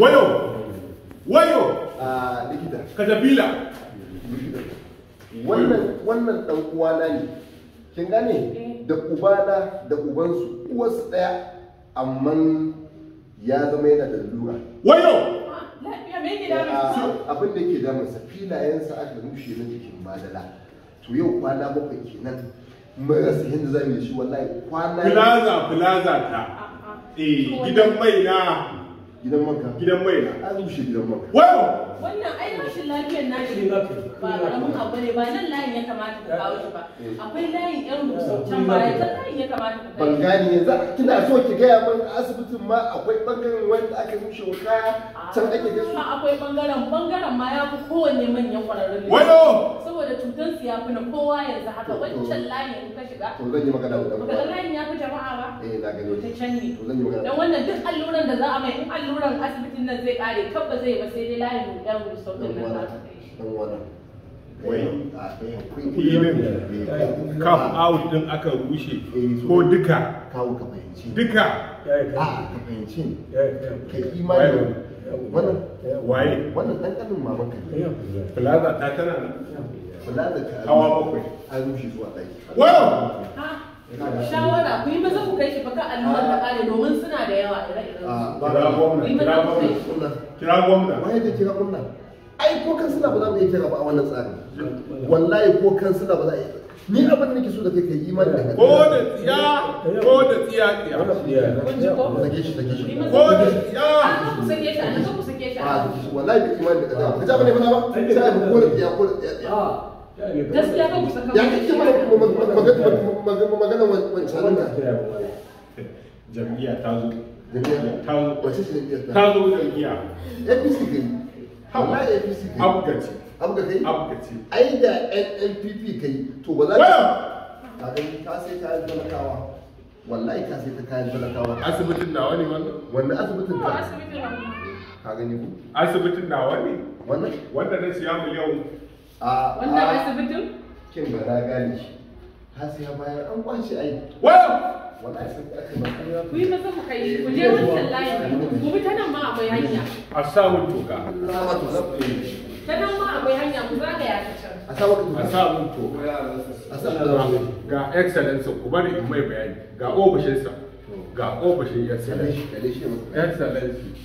wayo wayo a ah, likita kajabila wannan wannan dan uwana ne kin gane eh. da ubana da ubansu uwarsu daya amma ya zama yana da lura wayo ah, abin da ke damunsa filayensa aka rushe na jikin madala to yau kwana bakwai kenan mun rasa yadda za mu yi shi wallahi kwana filaza filaza ta ah, eh gidan mai na gidan manka gidan mai na an rushe gidan manka wayo wannan ai rashin lafiyar na shi ba karamin abu ne ba nan layin ya kamata ka kawo shi ba eh. akwai layin yan eh. rusau can baya ta layin ya kamata ku ban gane yanzu kina so ki gaya min asibitin ma akwai bangaren wanda aka rushe wa kaya can ake ah, gasu akwai bangaren bangaren ma ya fi kowanne manyan kwararrun wayo saboda cutar su ya fi na kowa yanzu haka wancan layin ka shiga to zan yi magana da ba ga layin ya fi jama'a ba eh na gani can ne to zan yi magana dan wannan duk alluran da za a mai in alluran asibitin nan zai kare kabba zai ba sai dai layin mu dan mu sautin nan za ta kai ilimin eh, eh, out din aka rushe eh, ko duka duka ka fahimci ka imani wannan waye wannan dan kanin maman ka plaza ta tana nan. plaza ta hawa bakwai an rushe zuwa daki wow shawara ku yi maza ku kai shi baka allurar da kare domin suna da yawa ire-iren ah, kira gwamna kira gwamna waye da kira gwamna ai ko kan suna ba za mu iya kira ba a wannan tsarin wallahi ko kan suna ba za a iya ni abin da ke so da kai kai imani da ko da tsiya ko da tsiya tsiya ko sake shi ko da tsiya ku da da ko da tsiya ko da tsiya tsiya gaskiya ba ku saka da ta zo ta zo wace ce ta zo APC kai Hau APC abu ka kai abu ka ce ai da NNPP kai to ba za ka ka gani ka sai kayan talakawa wallahi ka sai ta kayan talakawa asibitin nawa ne wannan wannan asibitin ka ka gani ku asibitin nawa ne wannan wanda na siya miliyan a wannan asibitin kin ba na gane shi har sai ya bayar an kwashe ai wow wallahi sun aka ba ku yi mu ku kai ku je wancan layin ku bi ta nan ma akwai hanya a sa mun toka Allah ma to ta akwai hanya a a sa a sa ga excellence ku bari in mai bayani ga ofishinsa ga ofishin excellence excellence